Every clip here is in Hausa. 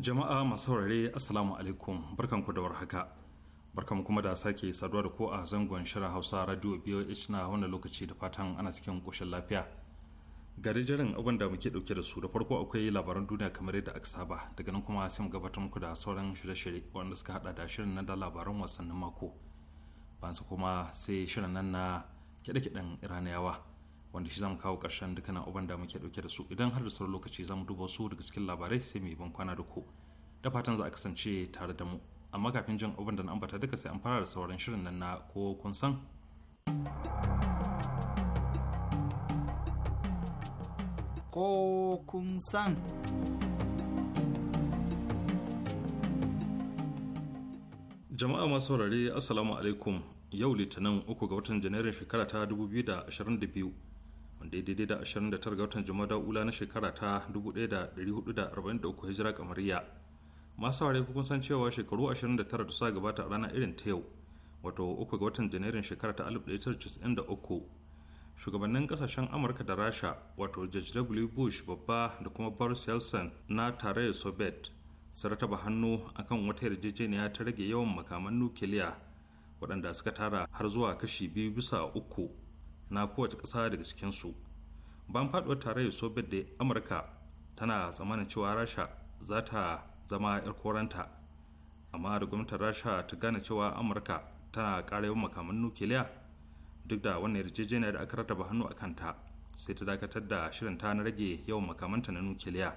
jama'a masu saurare assalamu alaikum barkanku da warhaka barkan kuma da sake saduwa da ko a zangon shirin hausa radio boh na wannan lokaci da fatan ana cikin koshin lafiya gari jirin abin da muke dauke da su da farko akwai labaran duniya kamar yadda aka saba daga nan kuma sai mu gabatar muku da sauran shirye-shirye wanda suka hada da shirin nan da labaran wasannin mako bansa kuma sai shirin nan na kiɗe-kiɗen iraniyawa wanda shi zamu kawo ƙarshen dukkanin abubuwan da muke dauke da su idan har da sauran lokaci zamu duba su daga cikin labarai sai mu yi ban kwana da ku da fatan za a kasance tare da mu amma kafin jin abin da na ambata duka sai an fara da sauran shirin nan na ko kun san ko kun san jama'a masu saurare assalamu alaikum yau litinin uku ga watan janairun shekara ta 2022 wanda ya daidai da 29 ga watan jumada ula na shekara ta 1443 hijira kamariya masu ware kuma san cewa shekaru 29 da sa gabata a rana irin ta yau wato 3 ga watan janairun shekara ta 1993 shugabannin kasashen amurka da rasha wato george w bush babba da kuma boris yeltsin na tarayyar soviet sun rataba hannu akan wata yarjejeniya ta rage yawan makaman nukiliya waɗanda suka tara har zuwa kashi biyu bisa uku na kowace ƙasa daga cikinsu ban faduwar tarayyar soviet da amurka tana tsammanin cewa rasha za ta zama 'yar koranta amma da gwamnatin rasha ta gane cewa amurka tana ƙara yawan makaman nukiliya duk da wannan yarjejeniyar da aka rataba hannu a kanta sai ta dakatar da shirin ta na rage yawan makamanta na nukiliya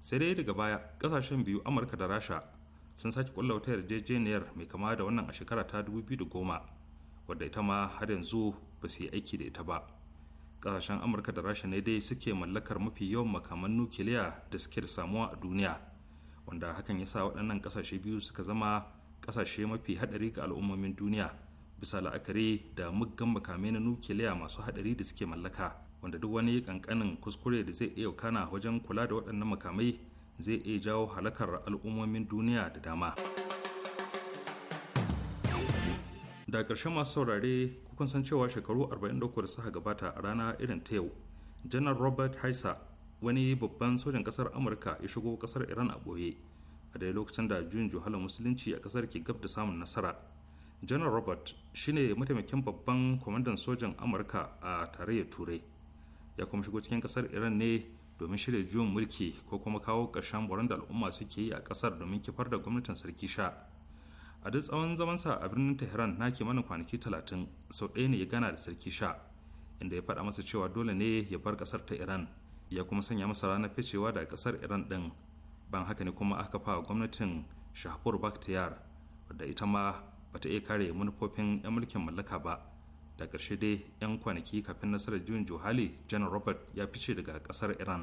sai dai daga baya ƙasashen biyu amurka da rasha sun sake ƙulla wata yarjejeniyar mai kama da wannan a shekara ta 2010 wadda ita ma har yanzu ba su yi aiki da ita ba ƙasashen amurka da rasha ne dai suke mallakar mafi yawan makaman nukiliya da suke da samuwa a duniya wanda hakan ya sa waɗannan ƙasashe biyu suka zama ƙasashe mafi haɗari ga al'ummomin duniya bisa la'akari da muggan makamai na nukiliya masu haɗari da suke mallaka wanda duk wani ƙanƙanin kuskure da zai iya kana wajen kula da waɗannan makamai zai iya jawo halakar al'ummomin duniya da dama. da ƙarshen masu saurare kukan san cewa shekaru 43 da suka gabata a rana irin ta yau janar robert haisa wani babban sojan ƙasar amurka ya shigo ƙasar iran a ɓoye a dai lokacin da juyin juhalar musulunci a ƙasar ke gab da samun nasara janar robert shine mataimakin babban kwamandan sojan amurka a tarayyar turai ya kuma shigo cikin ƙasar iran ne domin shirya juyin mulki ko kuma kawo ƙarshen boron da al'umma suke yi a ƙasar domin kifar da gwamnatin sarki sha a duk tsawon zaman sa a birnin tehran na mana kwanaki talatin sau ɗaya ne ya gana da sarki sha inda ya faɗa masa cewa dole ne ya bar ƙasar ta iran ya kuma sanya masa ranar ficewa daga ƙasar iran ɗin ban haka ne kuma aka fa gwamnatin shahpur bakhtiyar wadda ita ma bata iya kare manufofin 'yan mulkin mallaka ba da ƙarshe dai 'yan kwanaki kafin nasarar juyin johali janar robert ya fice daga ƙasar iran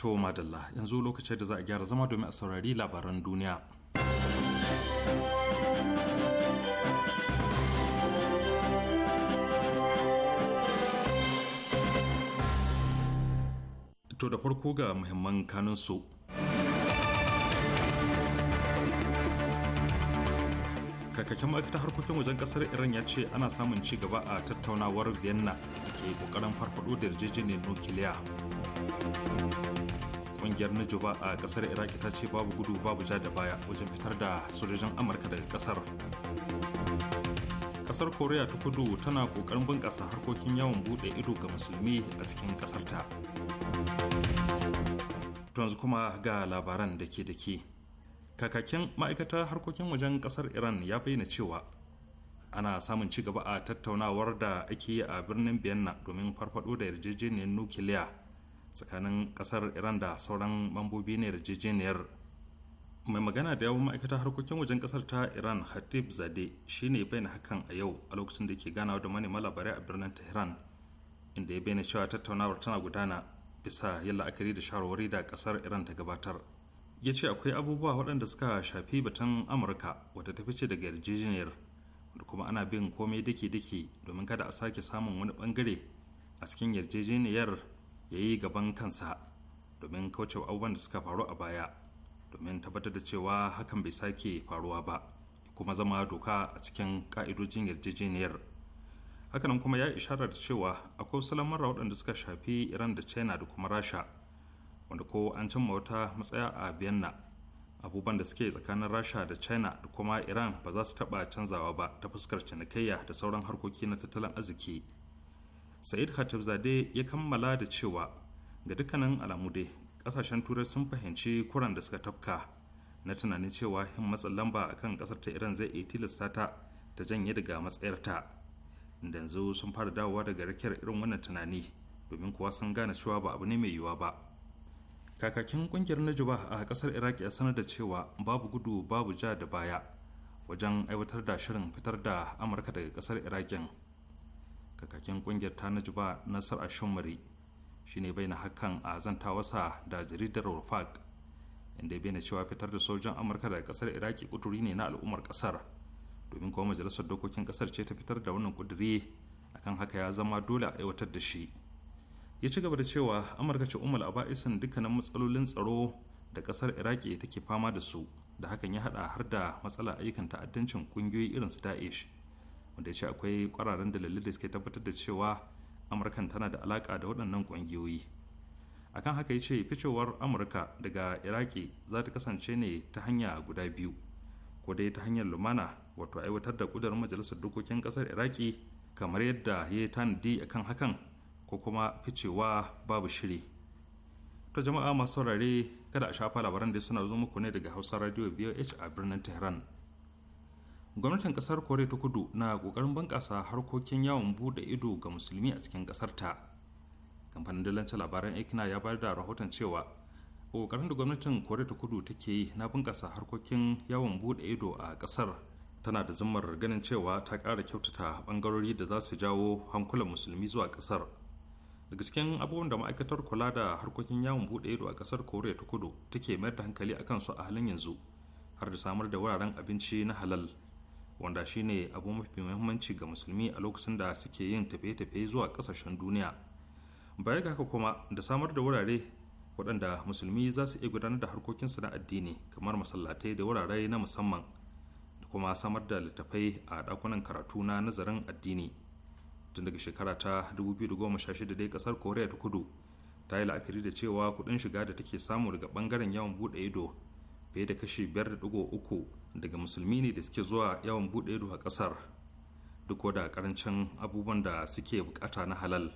To madalla yanzu lokacin da za a gyara zama domin a saurari labaran duniya. To da farko ga muhimman kanunsu. kakakken ma'aikata harkokin wajen kasar iran ya ce ana samun ci gaba a tattaunawar vienna ke kokarin farfado da yarjejeniyar nukiliya kungiyar najuba a kasar iraki ta ce babu gudu babu ja da baya wajen fitar da sojojin amurka daga kasar kasar koriya ta kudu tana kokarin bunkasa harkokin yawon bude ido ga musulmi a cikin kasar ta yanzu kuma ga labaran da ke da kakakin ma'aikatar harkokin wajen kasar iran ya bayyana cewa ana samun ci gaba a tattaunawar da ake yi a birnin vienna domin farfado da yarjejeniyar nukiliya tsakanin kasar iran da sauran mambobi na yarjejeniyar mai magana da yawon ma'aikata harkokin wajen kasar ta iran hatib zade shine bayyana hakan a yau a lokacin da ke ganawa da manema labarai a birnin tehran inda ya bayyana cewa tattaunawar tana gudana bisa yin la'akari da shawarwari da kasar iran ta gabatar ya ce akwai abubuwa waɗanda suka shafi batun amurka wata ta fice daga yarjejeniyar da kuma ana bin komai dake-dake domin kada a sake samun wani bangare a cikin yarjejeniyar ya yi gaban kansa domin kaucewa abubuwan da suka faru a baya domin tabbatar da cewa hakan bai sake faruwa ba kuma zama doka a cikin ka'idojin yarjejeniyar hakanan kuma ya ishara da cewa akwai salamar waɗanda suka shafi iran da china da kuma rasha wanda ko an cimma wata matsaya a vienna abubuwan da suke tsakanin rasha da china da kuma iran ba za su taɓa canzawa ba ta fuskar cinikayya da sauran harkoki na tattalin arziki sa'id khatibzade ya kammala da cewa ga dukkanin alamu dai kasashen turai sun fahimci kuran da suka tafka na tunanin cewa yin matsin lamba a kan kasar ta iran zai iya tilasta ta ta janye daga matsayarta da yanzu sun fara dawowa daga rakiyar irin wannan tunani domin kuwa sun gane cewa ba abu ne mai yiwuwa ba kakakin kungiyar najuba a kasar iraq ya sanar da cewa babu gudu babu ja da baya wajen aiwatar da shirin fitar da amurka daga kasar irakin kakakin kungiyar ta ba nasar shi ne bai na hakan a zantawarsa da jaridar rufaq inda ya bayyana cewa fitar da sojan amurka daga kasar iraki kuduri ne na al'ummar kasar domin kuma majalisar dokokin kasar ce ta fitar da wannan kuduri akan haka ya zama dole a aiwatar da shi ya ci gaba da cewa amurka ce umar a aba'isin dukkanin matsalolin tsaro da kasar iraki take fama da su da hakan ya hada har da matsalar ayyukan ta'addancin kungiyoyi irin su daesh wanda ya ce akwai kwararen dalilai da suke tabbatar da cewa amurkan tana da alaka da waɗannan ƙungiyoyi akan haka ya ce ficewar amurka daga iraki za ta kasance ne ta hanya guda biyu ko dai ta hanyar lumana wato aiwatar da ƙudurin majalisar dokokin ƙasar iraki kamar yadda ya yi tanadi akan hakan ko kuma ficewa babu shiri ta jama'a masu saurare kada a shafa labaran da suna zo muku ne daga hausa radio voh a birnin tehran gwamnatin kasar kore ta kudu na kokarin bunƙasa harkokin yawon bude ido ga musulmi a cikin kasar ta kamfanin dalancin labaran ekina ya bayar da rahoton cewa kokarin da gwamnatin kore ta kudu take yi na bunƙasa harkokin yawon bude ido a kasar tana da zimmar ganin cewa ta kara kyautata bangarori da za su jawo hankulan musulmi zuwa kasar daga cikin abubuwan da ma'aikatar kula da harkokin yawon bude ido a kasar koriya ta kudu take mayar da hankali akan su a halin yanzu har da samar da wuraren abinci na halal wanda shine abu mafi muhimmanci ga musulmi a lokacin da suke yin tafiye-tafiye zuwa kasashen duniya bayan haka kuma da samar da wurare waɗanda musulmi za su iya gudanar da harkokinsu na addini kamar masallatai da wurare na musamman da kuma samar da littattafai a ɗakunan karatu na nazarin addini tun daga shekara ta 2016 dai kasar koriya ta kudu ta yi la'akari da cewa kuɗin shiga da take samu daga ɓangaren yawon buɗe ido fiye da kashi 5.3 daga musulmi ne da suke zuwa yawan buɗe ido a ƙasar duk da karancin abubuwan da suke bukata na halal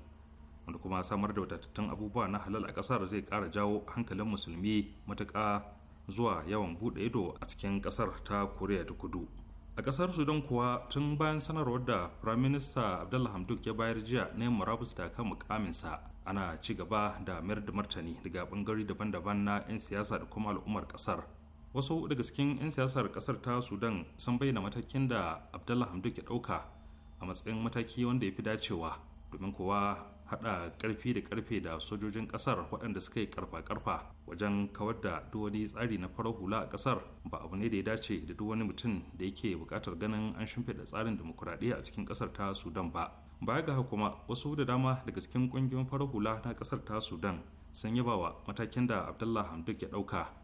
wanda kuma samar da wadatattun abubuwa na halal a ƙasar zai ƙara jawo hankalin musulmi matuƙa zuwa yawan buɗe ido a cikin ƙasar ta koriya ta kudu a ƙasar sudan kuwa tun bayan sanarwar da prime minister abdullah hamduk ya bayar jiya na yin murabus da kan mukaminsa ana ci gaba da mayar da martani daga ɓangare daban-daban na 'yan siyasa da kuma al'ummar ƙasar wasu daga cikin 'yan siyasar kasar ta sudan sun bayyana matakin da abdallah hamdu ya ɗauka a matsayin mataki wanda ya fi dacewa domin kowa hada karfi da karfe da sojojin kasar waɗanda suka yi karfa-karfa wajen kawar da duk wani tsari na farar hula a kasar ba abu ne da ya dace da duk wani mutum da yake buƙatar ganin an shimfiɗa tsarin dimokuraɗiyya a cikin kasar ta sudan ba baya ga kuma wasu da dama daga cikin ƙungiyoyin farar hula na kasar ta sudan sun yaba wa matakin da abdullah hamdu ya ɗauka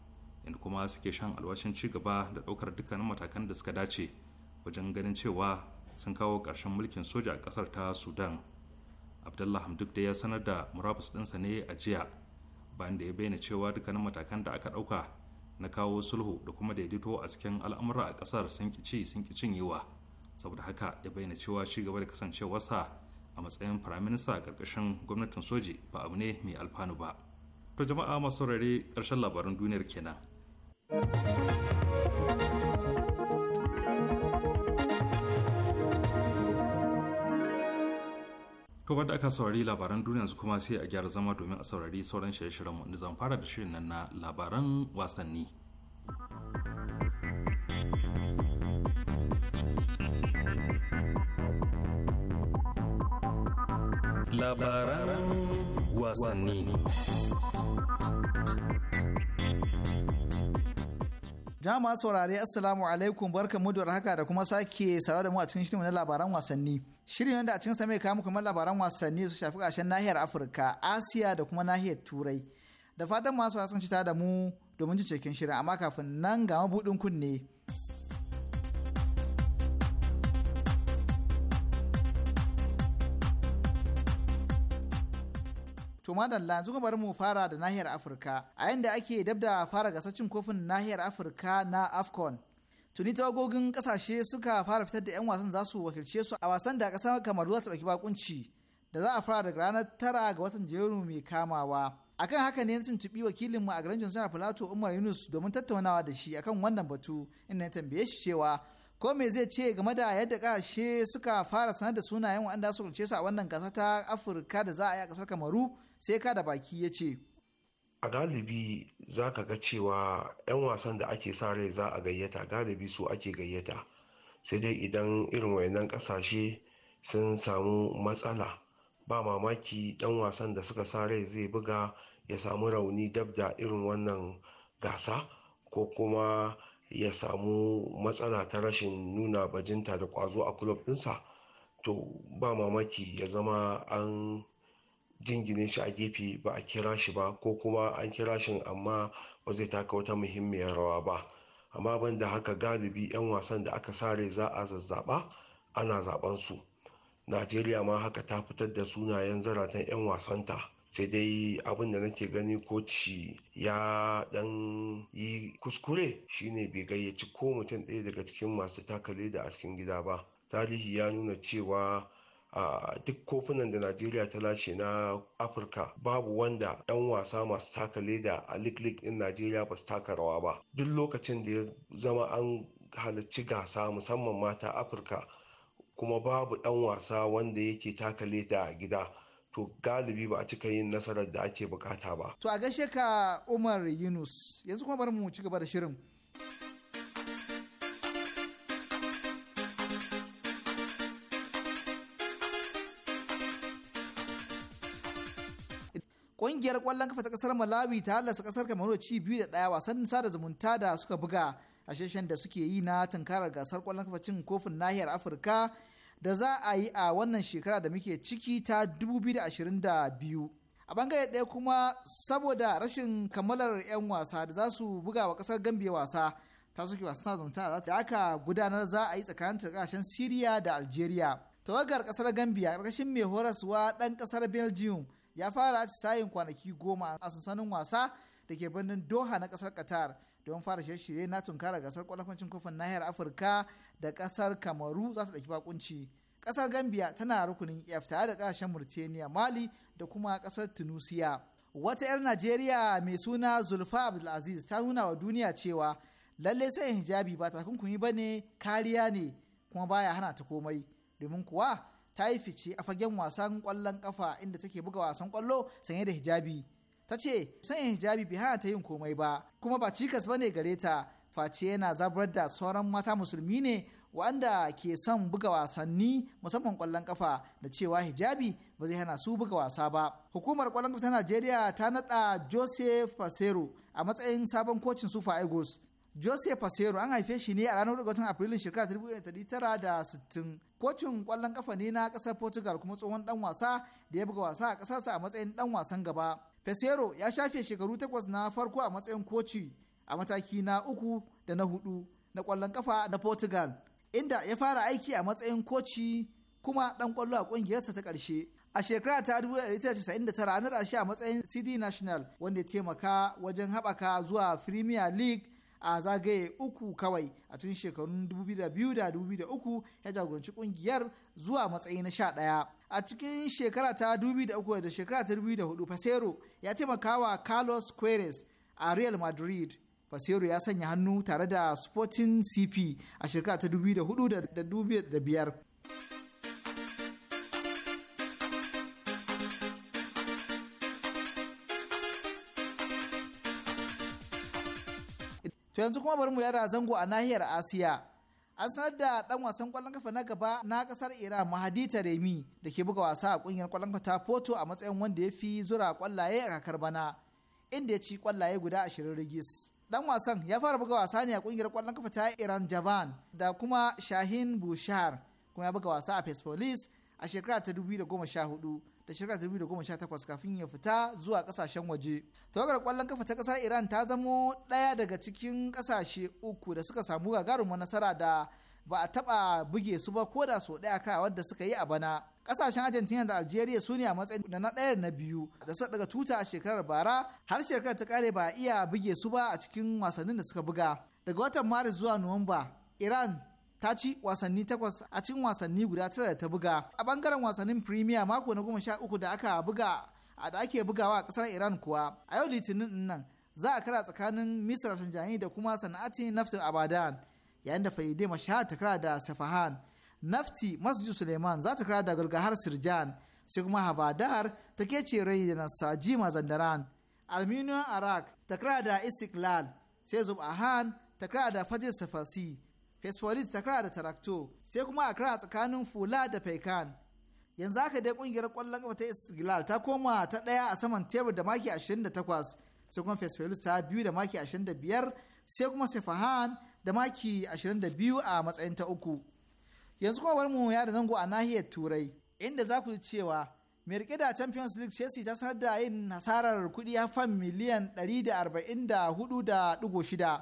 inda kuma suke shan alwashin ci gaba da ɗaukar dukkanin matakan da suka dace wajen ganin cewa sun kawo ƙarshen mulkin soja a ƙasar ta sudan abdullah hamduk da ya sanar da murabus ɗinsa ne a jiya bayan da ya bayyana cewa dukkanin matakan da aka ɗauka na kawo sulhu da kuma daidaito a cikin al'amura a ƙasar sun ƙici sun ƙi cinyewa saboda haka ya bayyana cewa ci gaba da kasancewarsa a matsayin firaminista a ƙarƙashin gwamnatin soji ba abu ne mai alfanu ba to jama'a masu rare ƙarshen labaran duniyar kenan Kuma da aka saurari labaran duniya su kuma sai a gyara zama domin a saurari sauran shirye-shiryen mu zan fara da shirin nan na labaran wasanni. Labaran wasanni. Jama'a saurare Assalamu alaikum barkamu da haka da kuma sake saurare da mu a cikin shirin na labaran wasanni. Shirin wanda a cikin sa mai kawo muku labaran wasanni su shafi ƙarshen nahiyar Afirka, Asiya da kuma nahiyar Turai. Da fatan masu wasan cita da mu domin jin cikin shirin amma kafin nan ga mabudin kunne. To madalla yanzu bari mu fara da nahiyar Afirka a yanda ake dab da fara gasar kofin nahiyar Afirka na AFCON. Tuni ogogin kasashe suka fara fitar da 'yan wasan za su wakilce su a wasan da kasar Kamaru za ta ɗauki bakunci da za a fara daga ranar tara ga watan Janairu mai kamawa. Akan haka ne na tuntuɓi wakilin mu a garin Johnson Filato Umar Yunus domin tattaunawa da shi akan wannan batu inda na tambaye shi cewa ko me zai ce game da yadda kasashe suka fara sanar da sunayen wa'anda su su a wannan gasa ta Afirka da za a yi a kasar Kamaru sai ka da baki ya ce a galibi za ka ga cewa 'yan wasan da ake sa rai za a gayyata galibi su ake gayyata sai dai idan irin wayannan kasashe sun samu matsala ba mamaki dan wasan da suka sa rai zai buga ya samu rauni dab da irin wannan gasa ko kuma ya samu matsala ta rashin nuna bajinta da kwazo a kulob dinsa to ba mamaki ya zama an jingine shi a gefe ba a kira shi ba ko kuma an kira shi amma ba zai taka wata muhimmiyar rawa ba amma ban da haka galibi 'yan wasan da aka sare za a zazzaba ana zaben su najeriya ma haka ta fitar da sunayen zaratan 'yan wasan ta. sai dai abin da nake gani ko koci ya dan yi kuskure shine bai gayyaci ko mutum ɗaya daga cikin masu takale da a cikin gida ba tarihi ya nuna cewa a duk kofunan da najeriya ta lashe na afirka babu wanda ɗan wasa masu taka leda a liklik lik din najeriya ba su taka rawa ba duk lokacin da ya zama an halarci gasa musamman mata afirka kuma babu ɗan wasa wanda yake taka leda a gida to galibi ba a cika yin nasarar da ake bukata ba to a gaishe ka umar yunus yanzu kuma bari mu ci gaba da shirin kungiyar kwallon kafa ta kasar Malawi ta halasta kasar Kamaru ci biyu da ɗaya wasan sada zumunta da suka buga a sheshen da suke yi na tunkarar gasar ƙwallon kafa cin kofin nahiyar Afirka da za a yi a wannan shekara da muke ciki ta 2022. A bangare ɗaya kuma saboda rashin kammalar 'yan wasa da za su buga wa kasar Gambia wasa ta suke wasan zumunta da aka gudanar za a yi tsakanin ƙasashen syria da Algeria. Tawagar kasar Gambia ƙarƙashin mai horaswa ɗan kasar Belgium ya fara sayin kwanaki goma a sansanin wasa da ke birnin doha na kasar qatar don fara shirye-shirye na tunkara gasar kwalafancin kofin nahiyar afirka da kasar kamaru za su ɗauki bakunci kasar gambia tana rukunin f tare da kasashen murtaniya mali da kuma kasar tunisia wata 'yar najeriya mai suna zulfa abdulaziz ta nuna wa duniya cewa lalle sai hijabi ba takunkumi ba ne kariya ne kuma baya hana ta komai domin kuwa ta yi fice a fagen wasan kwallon kafa inda take buga wasan kwallo sanye da hijabi ta ce sanya hijabi bai hana ta yin komai ba kuma ba cikas bane gare ta face yana zabar da sauran mata musulmi ne wanda ke son buga wasanni musamman kwallon kafa da cewa hijabi ba zai hana su buga wasa ba. Hukumar kwallon kafa ta Najeriya ta nada Joseph Fasero a matsayin sabon kocin sufa Eagles jose Pasero an haife shi ne a ranar 4 watan Afrilun shekara 1960. Kocin kwallon kafa ne na kasar Portugal kuma tsohon dan wasa da ya buga wasa a kasarsa a matsayin dan wasan gaba. Pasero ya shafe shekaru takwas na farko a matsayin koci a mataki na uku da na hudu na kwallon kafa na Portugal. Inda ya fara aiki a matsayin koci kuma dan kwallo a kungiyarsa ta ƙarshe. a shekara ta 1999 ranar ashe a matsayin cd national wanda ya taimaka wajen haɓaka zuwa premier league a zagaye uku kawai a cikin shekarun 2002 2003 ya jagoranci kungiyar zuwa matsayi na 11 a cikin shekara ta 2003 da shekara ta 2004 Fasero ya taimaka wa Carlos Queres a Real Madrid Fasero ya sanya hannu tare da Sporting CP a shekara ta 2004 da 2005 To yanzu kuma bari mu yada zango a nahiyar Asiya. An sanar da ɗan wasan ƙwallon kafa na gaba na ƙasar Iran Mahadi Taremi da ke buga wasa a ƙungiyar ƙwallon kafa ta Porto a matsayin wanda ya fi zura ƙwallaye a kakar bana inda ya ci ƙwallaye guda ashirin rigis. dan wasan ya fara buga wasa ne a ƙungiyar ƙwallon kafa ta Iran Javan da kuma Shahin Bushar kuma ya buga wasa a Persepolis a shekara ta hudu. da shirya takwas kafin ya fita zuwa kasashen waje. Tawagar kwallon kafa ta kasar Iran ta zamo ɗaya daga cikin kasashe uku da suka samu gagarumin nasara da ba a taɓa buge su ba ko da sau ɗaya kai wadda suka yi a bana. ƙasashen Argentina da Algeria su ne a matsayin da na ɗaya na biyu da suka daga tuta a shekarar bara har shekarar ta kare ba a iya buge su ba a cikin wasannin da suka buga. Daga watan Maris zuwa Nuwamba, Iran ta ci wasanni takwas a cikin wasanni guda tara da ta buga a bangaren wasannin premier mako na goma sha uku da aka buga a da ake bugawa a kasar iran kuwa a yau litinin nan za a kara tsakanin misra tanjani da kuma sana'ati naftin abadan yayin da fayyade masha ta kara da safahan nafti masjid suleiman za ta kara da gargahar sirjan sai kuma habadar ta kece rai da nasaji mazandaran aluminium arak ta kara da istiklal sai zub ahan ta kara da fajir safasi Fesfolis ta kara da Tarakto, sai kuma a kara tsakanin Fula da Faikan. Yanzu haka dai kungiyar kwallon kafa ta isgilal ta koma ta daya a saman tebur da maki 28, sai kuma Fesfolis ta biyu da maki 25, sai kuma Sefahan da maki 22 a matsayin ta uku. Yanzu kuma mu ya da zango a nahiyar Turai, inda za ku ji cewa mai rike da Champions League Chelsea ta sanar da yin hasarar kuɗi hafan miliyan 144.6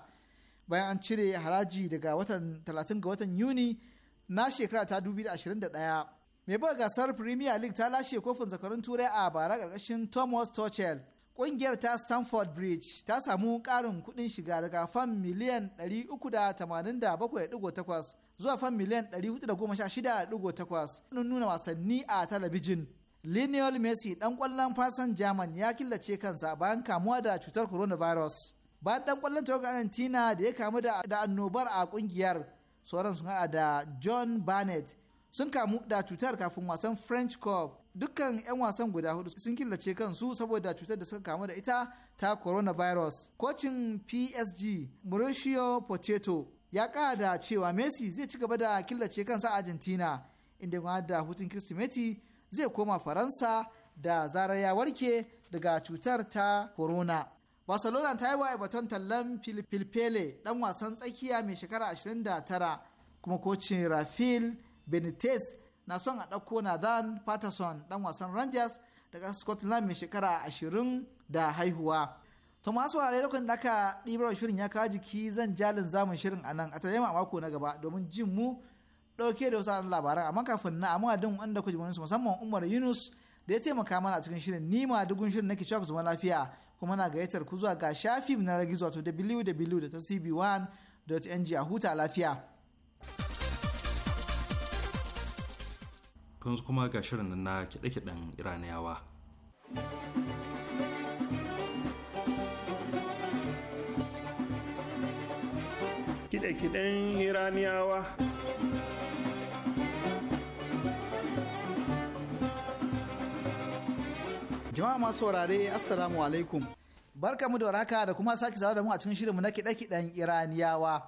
bayan an cire haraji daga watan 30 ga watan Yuni na shekara ta 2021. Mai buga gasar Premier League ta lashe kofin zakarun Turai a bara ƙarƙashin Thomas Tuchel. Ƙungiyar ta Stamford Bridge ta samu ƙarin kuɗin shiga daga fan miliyan 387.8 zuwa fan miliyan 416.8 nuna wasanni a talabijin. Lionel Messi ɗan ƙwallon fasan German ya killace kansa bayan kamuwa da cutar coronavirus. bayan dan kwallon tawagar argentina da ya kamu da annobar a kungiyar sauran sun hada da john barnett sun kamu da cutar kafin wasan french cup dukkan 'yan wasan guda hudu sun killace kansu saboda cutar da suka kamu da ita ta coronavirus kocin psg mauricio potato ya kara da cewa messi zai ci gaba da killace kansa argentina inda ma da hutun kirsimeti zai koma faransa da zarar ya warke daga cutar ta corona barcelona ta yi wa everton tallan filfele dan wasan tsakiya mai shekara 29 kuma kocin rafael benitez na son a ɗauko nathan patterson dan wasan rangers daga scotland mai shekara 20 da haihuwa to masu wurare lokacin da aka ɗibar shirin ya kawo jiki zan jalin zamun shirin a nan a tare a mako na gaba domin jin mu ɗauke da wasu labaran amma kafin na amma din wanda ku ji musamman umar yunus da ya taimaka mana a cikin shirin ni ma dugun shirin nake cewa ku zama lafiya kuma na gayyatar ku zuwa ga shafi na gizo wato www.cb1.ng a huta lafiya. Tunzu kuma ga shirin na kiɗe-kiɗen Iraniyawa. Kiɗe-kiɗen Iraniyawa. Jama'a masu saurare Assalamu alaikum. Barka mu da waraka da kuma sake zawo da mu a cikin shirinmu na kiɗe-kiɗen Iraniyawa.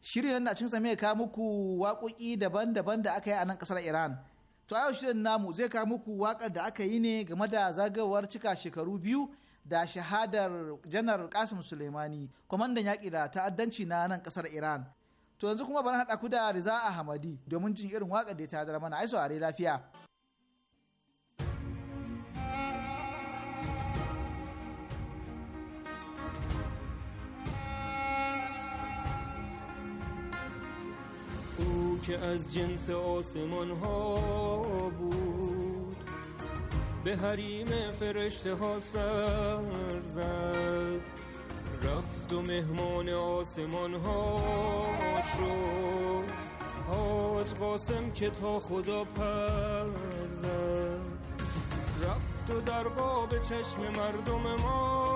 Shirin na cikin same ka muku waƙoƙi daban-daban da aka yi a nan ƙasar Iran. To yau shirin namu zai ka muku waƙar da aka yi ne game da zagayowar cika shekaru biyu da shahadar janar Kasim Suleimani, kwamandan yaƙi da ta'addanci na nan ƙasar Iran. To yanzu kuma bari haɗa ku da Riza Ahmadi domin jin irin waƙar da ta mana ai saurare lafiya. که از جنس آسمان ها بود به حریم فرشته ها سر زد رفت و مهمان آسمان ها شد حاج قاسم که تا خدا پر زد رفت و در باب چشم مردم ما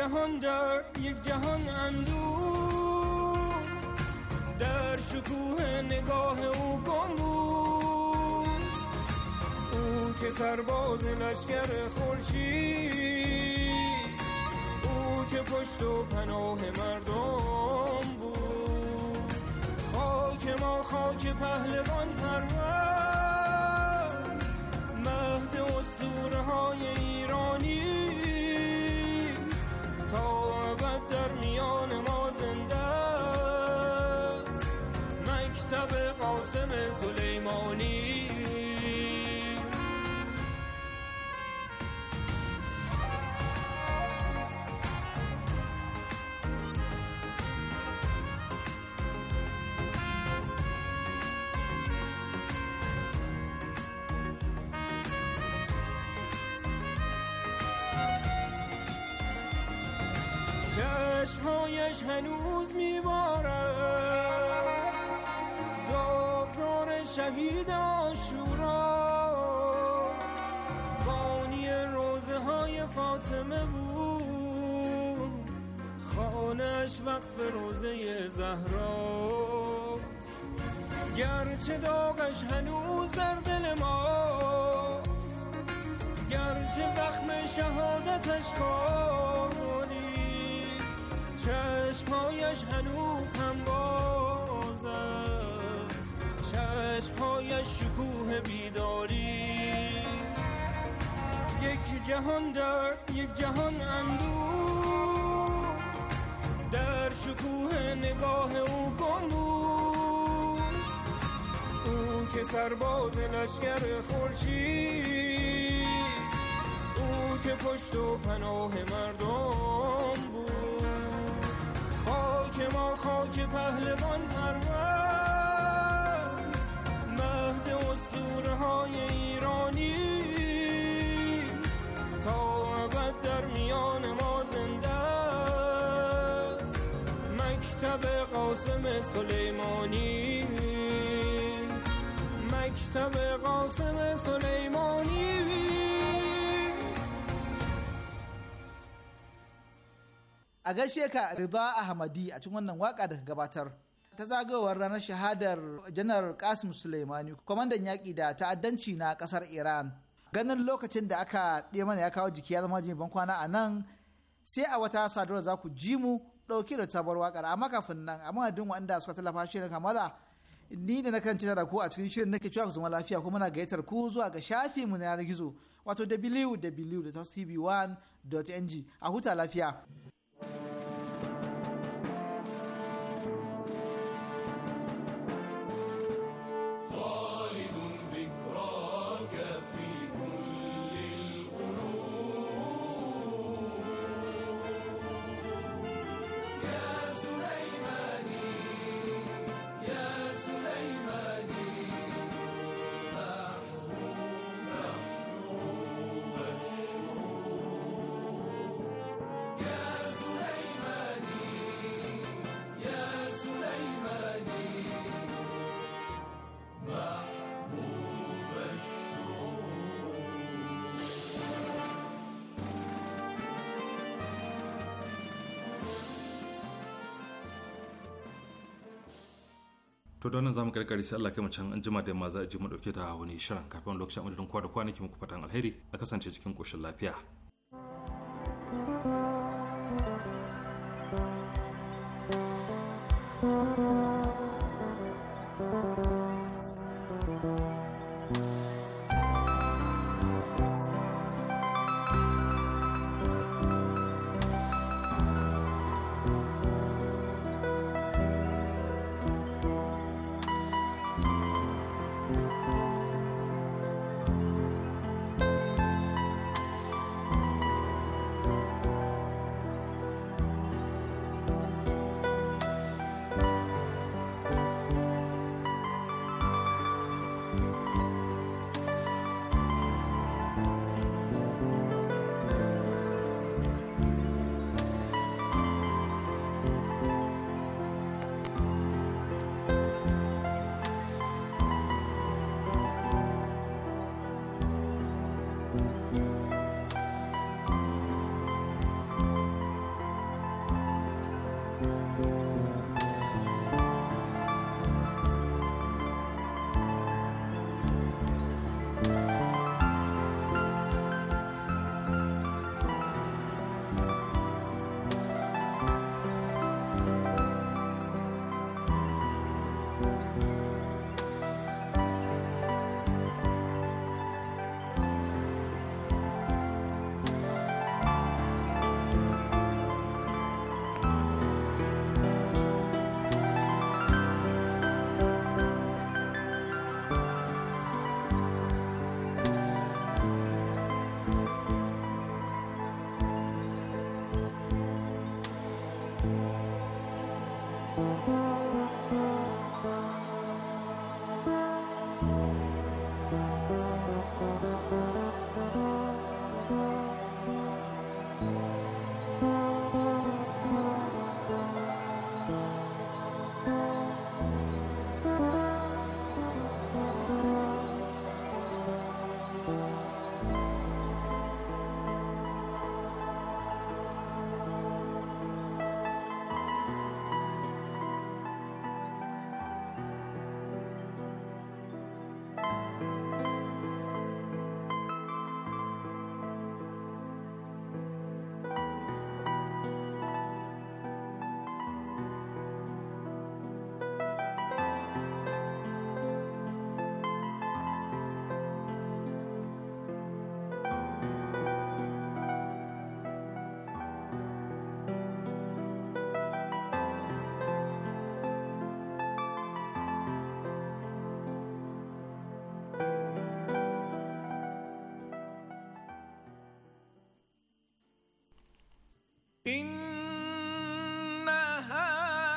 جهان در یک جهان اندو در شکوه نگاه او گم بود او که سرباز لشکر خورشید او که پشت و پناه مردم بود خاک ما خاک پهلوان پرور زمانی چشمهایش هنوز میبارد شهید آشورا بانی روزه های فاطمه بود خانش وقف روزه زهرا گرچه داغش هنوز در دل ماست گرچه زخم شهادتش کاریست چشمهایش هنوز هم بازد چشم های شکوه بیداری یک جهان در یک جهان اندو در شکوه نگاه او گم بود او که سرباز لشکر خورشید او که پشت و پناه مردم بود خاک ما خاک پهلوان پرور سلیمانی مکتب قاسم سلیمانی a gaishe ka riba ahmadi a cikin wannan waka da gabatar ta zagawar ranar shahadar janar kasim suleimani kwamandan yaƙi da ta'addanci na ƙasar iran ganin lokacin da aka ɗaya mana ya kawo jiki ya zama jini ban kwana a nan sai a wata sadarwa za ku ji mu ɗauki da sabuwar wakar amma kafin nan amma adin wanda suka tallafa shirin kamala ni da nakan cita da ku a cikin shirin nake cewa ku zama lafiya kuma na gayyatar ku zuwa ga shafi mu na gizo wato www.tv1.ng a huta lafiya. to da wannan zamu karkare sai Allah kai mu can an jima da yamma za a ji mu dauke da wani shirin kafin lokacin da kwa da kwanaki muku fatan alheri a kasance cikin koshin lafiya